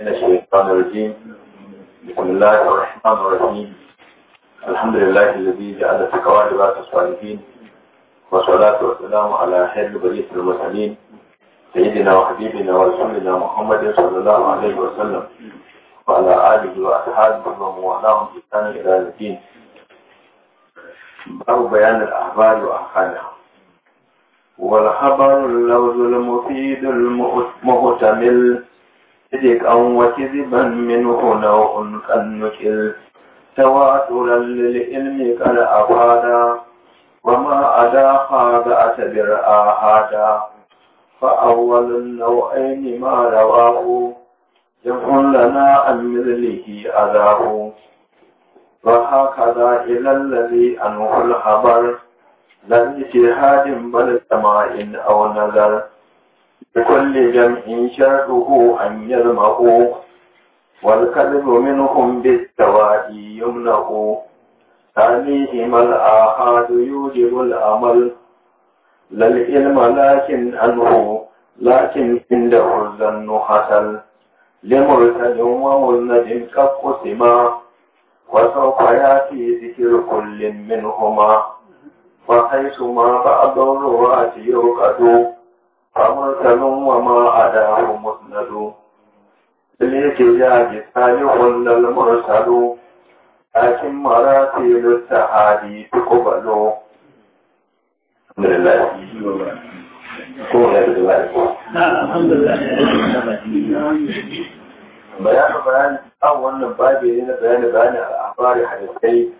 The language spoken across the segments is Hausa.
من الشيطان الرجيم بسم الله الرحمن الرحيم الحمد لله الذي جعل في قوالب الصالحين والصلاة والسلام على خير بريس المرسلين سيدنا وحبيبنا ورسولنا محمد صلى الله عليه وسلم وعلى آله وأصحابه ومن والاهم إحسان إلى الدين باب بيان الأحبار وأحكامها والخبر اللوز المفيد المؤتمل صدقا وكذبا منه نوع كالنكل تواترا للعلم كالأبادا وما أداها بأتبر آهادا فأول النوعين ما رواه جمع لنا عن مثله أذاه وهكذا إلى الذي أنه الخبر لم اجتهاد بل سماع أو نذر لكل جمع شاده أن يلمه والكذب منهم بالسواء يمنه هذه الآحاد يوجب الأمل لا العلم لكن أنه لكن عنده الظن حسن لمرتد ومذنب كقسما وسوف يأتي ذكر كل منهما وحيثما بعض الرواة يرقد مُحْسَنٌ وَمَا أَدَاهُ مُثْنَدُ لِيكِ يَا جِسْتَانِ غُلَّ الْمُرْسَدُ أَكِمْ مَرَاتِي لِلْتَحَادِي تُقُبَلُ Alhamdulillah. Kowane da zai ba da kowa. Na, alhamdulillah. Ba ya ba ya ne, wannan ba da yi na bayanin ba ne a labarin hadisai,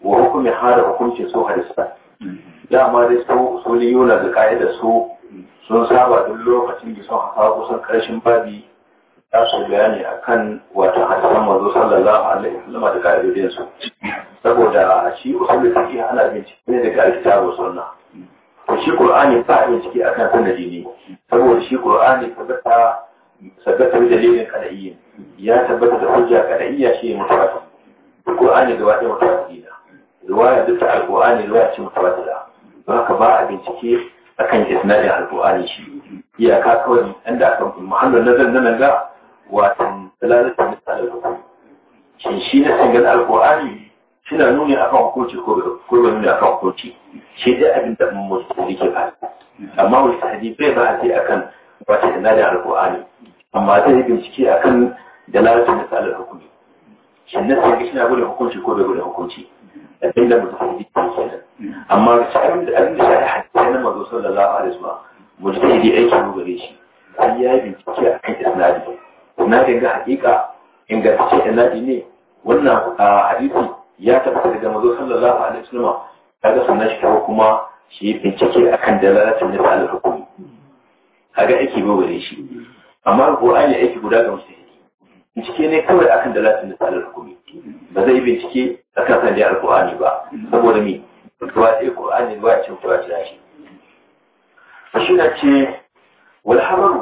wa hukumin hada hukumce so hadisai. Ya ma dai so, so ne yi wuna da su. sun saba duk lokacin da sun hafa kusan ƙarshen babi Ya su bayani a kan wata hadisan manzo sallallahu alaihi wa wasallam da ka'idodin su saboda shi usul da take ana bincike ne daga alkitabu sunna to shi qur'ani ba a bincike akan sanadi ne saboda shi qur'ani tabbata sabbatar dalilin kada'iyyin ya tabbata da hujja kada'iyya shi mutawatir qur'ani gaba ɗaya mutawatir ne riwaya duk al alqur'ani riwaya ce mutawatir don haka ba a bincike akan isnadin alqur'ani shi iyaka kawai inda aka muhallin nazar nan ga watan dalalata misalin hukumi shin shi na singan alqur'ani suna nuni akan hukunci ko ko nuni akan hukunci shi dai abin da mun musulmi ke ba amma sahadi bai ba sai akan wata isnadin alqur'ani amma zai bincike akan dalalata misalin hukumi shin na singan shi na gudun hukunci ko bai gudun hukunci abin da mutahdi ke kenan amma shi abin da abin da shi ɗaya na mazo sallallahu alaihi wasallam mujtahidi aiki mu gare shi sai ya bincike kan isnadi na ga hakika ingantacce isnadi ne wannan hadisi ya tabbata daga mazo a rizuwa ta ga sunan shi kuma shi yi bincike akan dalalatin na ta'al hukumi ga aiki ba gare shi amma qur'ani aiki guda ga mujtahidi bincike ne kawai akan dalalatin na ta'al hukumi ba zai bincike akan sanin alqur'ani ba saboda me ba sai qur'ani ba ya ce shi suna ce walhamaru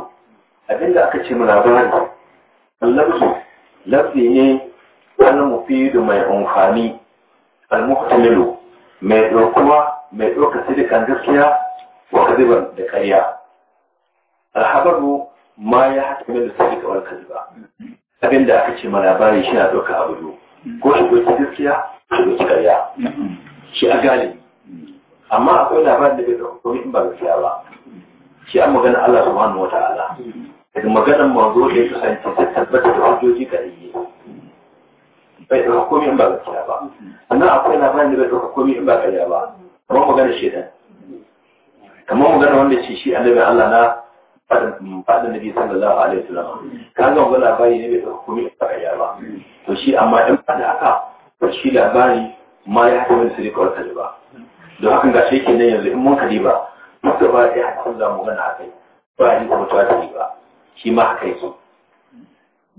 abinda aka ce muna bani lafzu lafi ne al-mufidu mai amfani al-muhtamilu mai ɗaukuwa mai ɗauka sidikan gaskiya wa kadiban da ƙarya alhabaru ma ya hatamilu sidika wal kadiba abinda aka ce mana bani shi na ɗauka abu ko shi ɗauki gaskiya shi ɗauki ƙarya shi a galibi amma akwai labarin da bai ɗauka komai in ba gaskiya ba shi a magana Allah subhanahu wa ta'ala daga maganar manzo da ya kasance ta tabbata da hujjoji ka yi. bai ɗauka komai in ba gaskiya ba sannan akwai labarin da bai ɗauka komai in ba gaskiya ba kamar magana shedan kamar magana wanda ce shi annabi Allah na fadin nabi sallallahu alaihi wasallam ka ga wani labari ne bai ɗauka komai in ba gaskiya ba to shi amma in fada aka to shi labari ma ya kuma wani sirri kawai ba don haka ga shi kenan yanzu in mun kadi ba muka ba ya hakan za mu gana akai ba ni kuma ta ci ba shi ma haka yake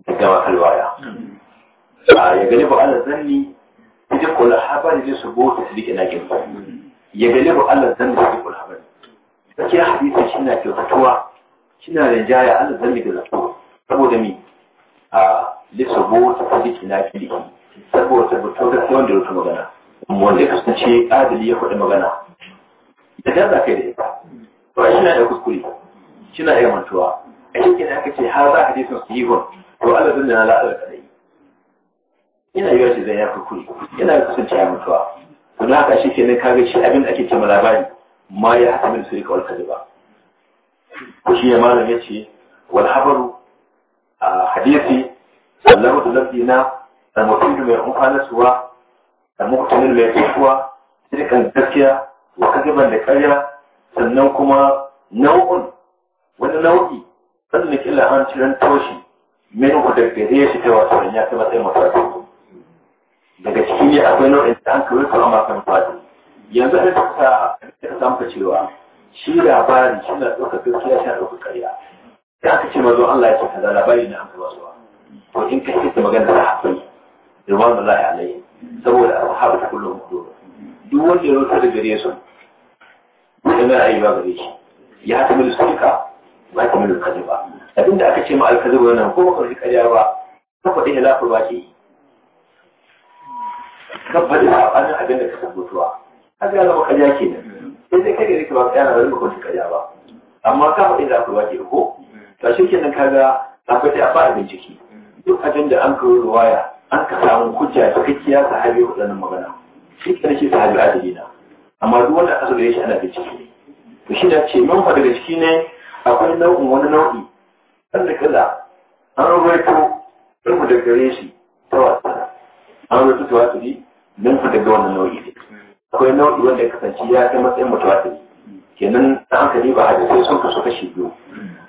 da gama kalwaya a ya gani ba Allah zanni ita kula habari ne su bota ta dike na ba ya gani ba Allah zanni su kula habari gaskiya hadisi shi na kyautatuwa shi na rinjaya Allah zanni ga zato saboda mi a bo ta fi dike na fili saboda ta tabbatar da wanda ya rutu magana wanda ya kasance adali ya faɗi magana da ta za ka yi da ita to a shina da kuskure Shi na iya mantuwa a yake da aka ce har za a je su yi hun to Allah zai na la'ala da yi ina yi wasu zai ya kuskure ina yi kasance ya mantuwa to na haka shi kenan kaga shi abin da ake ce ma labari ma ya haka min su rika wal kaziba ko shi ya malam ya ce wal habaru a hadisi sallahu alaihi wa sallam na da mutum mai amfana suwa da mutumin da ya fasuwa sai kan gaskiya wa kaziban da karya sannan kuma nau'un wani nau'i sannan kila an ciran toshi min ku da gare shi ta wato ya ta matsayin mutane daga cikin ya akwai nau'in da an kawai kuma ma kan fadi yanzu an ta ta samu cewa shi labari shi na ɗaukar gaskiya shi na ɗaukar karya sai aka ce mazo Allah ya ce kaza labari na an kawai to in ka ce magana da hafi ruwan Allah ya alai saboda a haɓata kullum hudu duk wanda ya rota da gare su yana ba gare shi ya ta mil sulka ba ta mil kaji ba abinda aka ce ma alkazi ba nan ko ba kawai kaji ba ta faɗi ya lafa ba ce ka faɗi a abin abinda ka tabbutuwa haka ya zama kaji ke nan sai dai kai da ka ba ka yana bari ba kawai kaji ba amma ka faɗi ya lafa ba ce ko ta shi kenan kaga akwai ta ba a bincike duk abinda an kawo ruwaya an ka samu hujja cikakkiya sahabi waɗannan magana shi ta shi sahabi a na amma duk wanda aka gare shi ana bincike ciki to shi da ce min da ciki ne akwai nau'in wani nau'i wanda kaza an rubaito ilmu da gare shi ta wasa an rubaito ta wasa ne min daga wannan nau'i ne akwai nau'i wanda ya kasance ya kai matsayin mutawatiri kenan da hankali ba sai sun kasu kashi biyu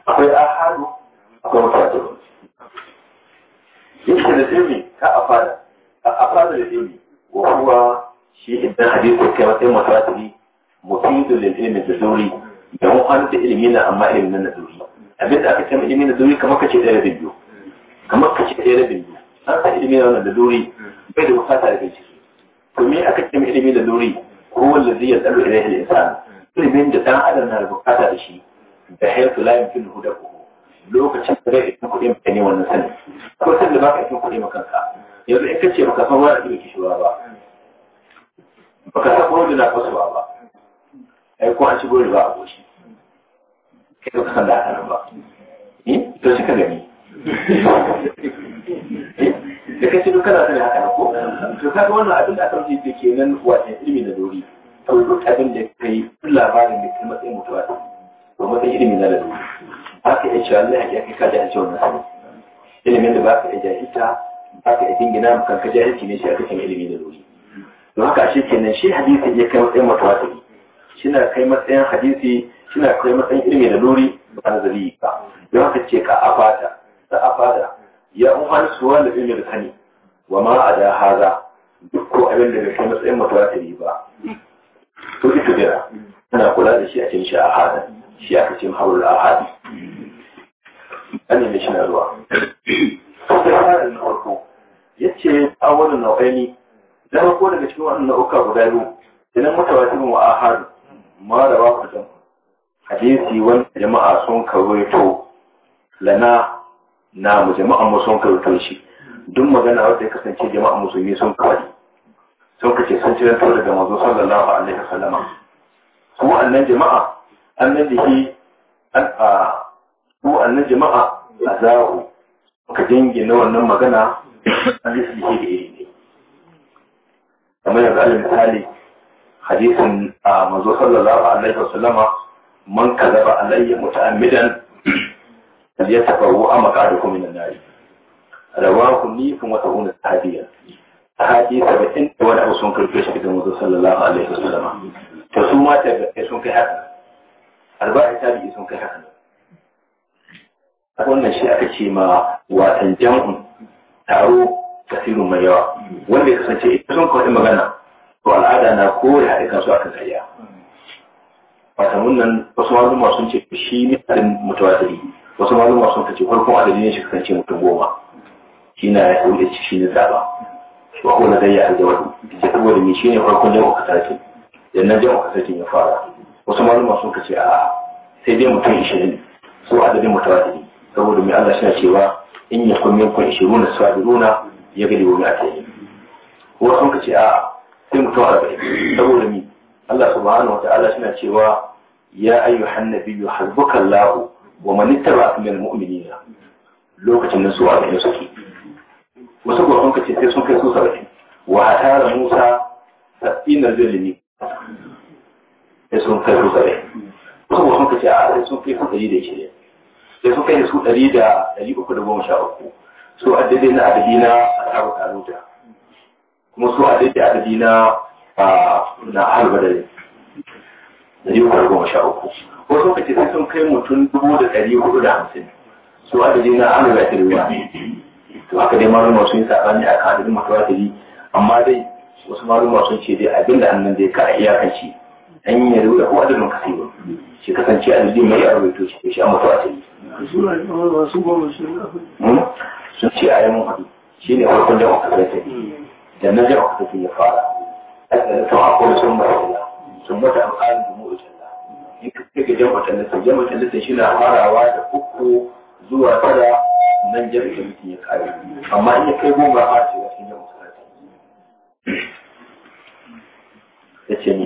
akwai ahadu akwai mutawatir yake da sirri mufradul ilmi wa huwa shi ibn abi ko kai wata mufradul mufidul da zuri da mu an ta na amma na zuri abin da aka ce na zuri kamar kace da rabin kamar kace da rabin an ka ilmi na da zuri bai da bukata da bincike to me aka ce ilmi da zuri ko wanda ya yadalu ilaihi al-insan ilimin da dan adam na bukata da shi da hayatu la yumkinu dafahu lokacin da zai ikin kuɗi mutane wannan sani. ko san da baka kuɗi makanka yanzu in kace baka san wani da yake shura ba baka san da na kusa ba ba ai ko an ci gori ba a goshi kai baka san da haka nan ba eh to shi ka gani eh? da kace duk kana sanin haka ko to kaga wannan abin da aka rubuce da kenan wato ilimi da dori to duk abin da kai labarin da kai matsayin mutuwa to matsayin ilimi na dori haka insha Allah ya kai ka da a cewa ilimin da ba ka iya ita aka yi dingina gina ka jahilci ne shi aka kama ilimi da nuri don haka shi kenan shi hadisi ya kai matsayin mutawatir shina kai matsayin hadisi shina kai matsayin ilimi da nuri ba na zali ba don haka ce ka afada da afada ya umar suwa da ilimi da sani wa ma a da haza duk ko abin da bai kai matsayin mutawatir ba to ita bira tana kula da shi a cikin shi a hada shi aka ce mahaurul ahadi an ne shi na zuwa sai fara na farko yace awwalu nau'aini da ko daga cikin wannan nau'uka guda biyu idan mutawatir wa ahad ma da ku san hadisi wanda jama'a sun kawaito lana na mu jama'a mu sun kawaito shi duk magana wanda ya kasance jama'a musulmi sun kawai sun kace sun ci ta daga manzo sallallahu alaihi wasallam su annan jama'a annan dake an a su annan jama'a azahu ka na wannan magana kamar hadisin a mazo sallallahu alaihi man kazaba alayya muta'ammidan ya rawahu hadi da wani abu sun karfe shi da mazo sallallahu alaihi to ma tabbai sun kai haka sun kai haka wannan shi aka ce ma watan jam'un taro kasiru mai yawa wanda ya kasance ita sun kawai magana to al'ada na kore haɗe kansu akan karya fatan wannan wasu maluma sun ce shi ne adin mutawatiri wasu maluma sun ce farkon adadin ne shi kasance mutum goma shi na ya kawo shi ne zaba ba kuma zai ya aljawar ce saboda ne shi ne farkon jama'a ce da jan jama'a ce ya fara wasu maluma sun ce a sai dai mutum ishirin so adadin mutawatiri saboda mai Allah shi na cewa in yakun minkum 20 sabiruna yaglibu mi'atayn wasu suka ce a sai mutum arba'in saboda ni Allah subhanahu wa ta'ala suna cewa ya ayyu ayyuhan nabiyyu hasbuka Allah wa man ittaba'aka minal mu'minina lokacin nan su arba'in suke wasu kuwa sun kace sai sun kai su saba'in wa hatara Musa sab'ina zalimi sai sun kai su saba'in wasu kuwa sun kace a sai sun kai su da shi. sai suka yi su ɗari da ɗari uku da goma sha uku su a daidai na adadi na ta taluta kuma su a daidai adadi na na albadari ɗari uku da goma sha uku wasu lokaci sai sun kai mutum dubu da ɗari hudu da hamsin su adadi na albadari ruwa to aka dai maluma sun yi ne a kan adadin mutawatiri amma dai wasu maluma masu ce dai abinda annan dai ka iyakance an yi yaro da kuma adadin kasi ba shi kasance a jirgin mai yaro to shi shi an mutu a sai hmm? sun ce a yi mun haɗu shi ne farkon jama'a kasai sai da na jama'a kasai ya fara sun akwai sun da sun mutu an ƙarin da mu'ujalla in ka kai jama'a tallata jama'a tallata shi na farawa da uku zuwa tara nan jami'a mutum ya kare amma in ya kai goma a ce wasu jama'a kasai ya ce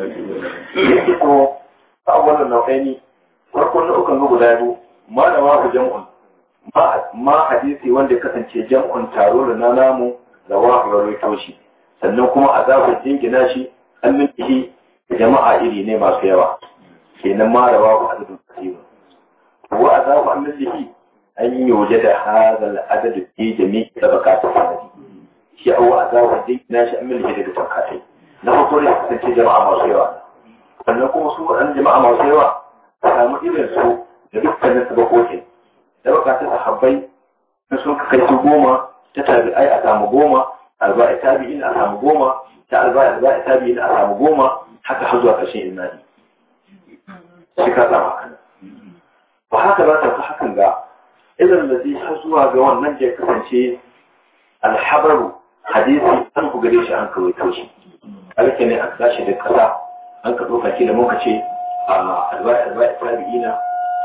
yake ko a wannan nau'aini farkon nau'ukan ga guda biyu ma da wahu jam'un ma hadisi wanda ya kasance jam'un taro da na namu da wahu ya rito shi sannan kuma azabar jingina shi an mintihi jama'a iri ne masu yawa kenan ma da wahu adadin kasiru wa azabu an mintihi an yoje da hazal adadin jami'i da bakatun sanadi shi awa azabar jingina shi an mintihi daga bakatai na farko da kasance jama'a masu yawa sannan kuma su waɗannan jama'a masu yawa a samu irin su da dukkanin su bakoki da ta sahabbai na sun ka kai su goma ta tabi'ai a samu goma alba'i tabi'in a samu goma ta alba'i alba'i tabi'in a samu goma haka har zuwa ƙarshen imani shi ka samu hakan ba haka za ta fi hakan ga idan da zai har zuwa ga wannan da ya kasance alhabaru hadisi an ku gare shi an kawai taushi alke ne an tashi da kasa an ka ɗauka shi da muka ce ah, a albai albai tabi'ina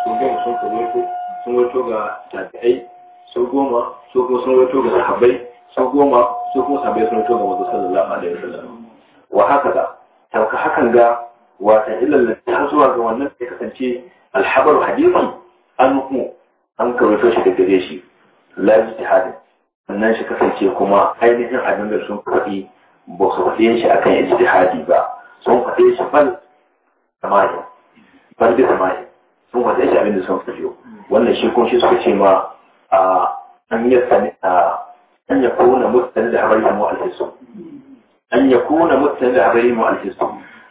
su goma sun ka wato sun wato ga tabi'ai su goma su kuma sun wato ga sahabbai su goma su kuma sahabbai sun wato ga wasu sallallahu alaihi wasallam wa haka da tauka hakan ga wata illa da har zuwa ga wannan ya kasance alhabaru hadisi an hukumu an karanto shi da gare shi la ijtihadin sannan shi kasance kuma ainihin abin da sun faɗi ba su faɗe shi akan ijtihadi ba sun faɗe shi bal samani bal bi samani sun faɗe shi abin da sun faɗe wannan shi kun shi suka ce ma a an yi sani a an ya kona mutane da habari mu alhisu an ya kona mutane da habari mu alhisu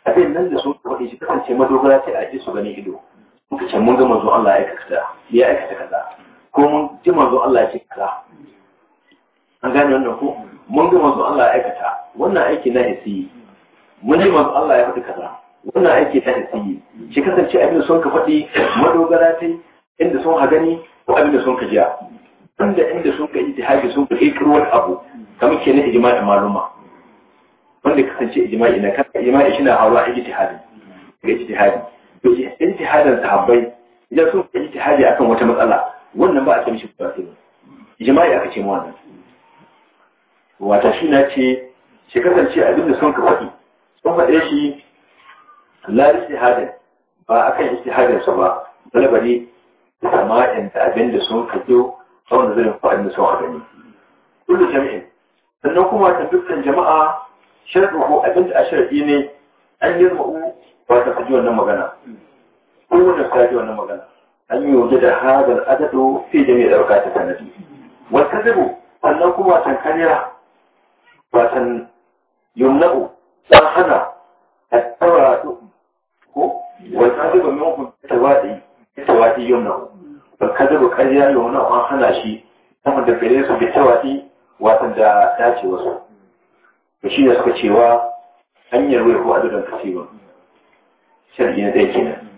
abin nan da sun faɗe shi kasance madogara ce a ji su gani ido muka ce mun ga manzo Allah ya aikata ya aikata kaza ko mun ji manzo Allah ya ce kaza an gane wannan ko mun ga manzo Allah ya aikata wannan aiki na hisi mun ji manzo Allah ya faɗi kaza wannan aiki ta hisi shi kasance abin da sun ka faɗi madogara ta inda sun ha gani ko abin da sun ka jiya wanda inda sun ka ijtihadi sun ka kirkiro wani abu kamar ke na ijma'in maluma wanda kasance ijma'i na kan ijma'i shi na hawa ijtihadi ga ijtihadi to ijtihadin sahabbai idan sun ka ijtihadi akan wata matsala wannan ba a ce mishi ba sai ijma'i aka ce mu wannan wata shi na ce shi kasance abin da sun ka faɗi sun faɗe shi la istihadin ba akan istihadin sa ba balbali da sama'in da abin da sun ka kiyo tsawon da zai faɗin da sun haɗani kullu jami'in sannan kuma ta dukkan jama'a sharɗuhu abin da a sharɗi ne an yi ma'u ba ta faji wannan magana kowane ta ji wannan magana an yi wajen da hadar adadu fi jami'a ɗauka ta sanadi wasu sannan kuma tankaniya watan yumna'u an hana a tsawara ko wani kazi ba maimakon tawaɗi tawaɗi yumna'u ba kazi ba ƙarya yumna'u an hana shi sama da gare su bi tawaɗi watan da ce wasu to shi ne suka cewa hanyar wai ko adadin kasiba sharhi na zai kenan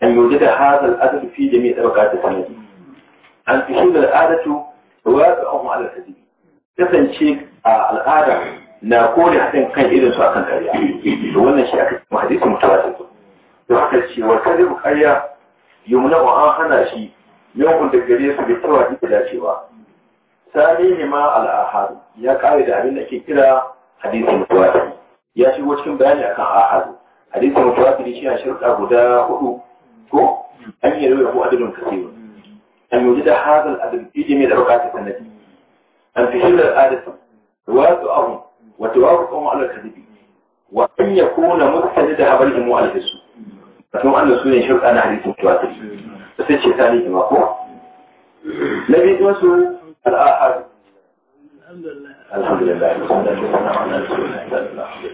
an yi da hazal adadu fi da mai tsabaka ta sanadi an fi shi da al'adatu da wasu an ma'alar kasibi kasance a al'ada na kone haɗin kan irin su akan karya da wannan shi aka kuma hadisi mutawatir Da haka ce, cewa kare karya yumna an hana shi yawan da gare su da cewa da dacewa sani ne ma al'ahadu ya kare da abin da ke kira hadisi mutawatir ya shigo cikin bayani akan ahadu hadisi mutawatir shi a shirka guda hudu ko an yi rawar ko adadin kasiru an yi da hadal adadin ijimi da bukatar sanadi an fi shirar adadin ruwatu'ahum wa tawafuqahum ala kadhibi wa an yakuna mustanida habalihim ala hisu kuma annan sune shirka na hadisi mutawatir sai ce tani kuma ko na biyu al-ahad alhamdulillah alhamdulillah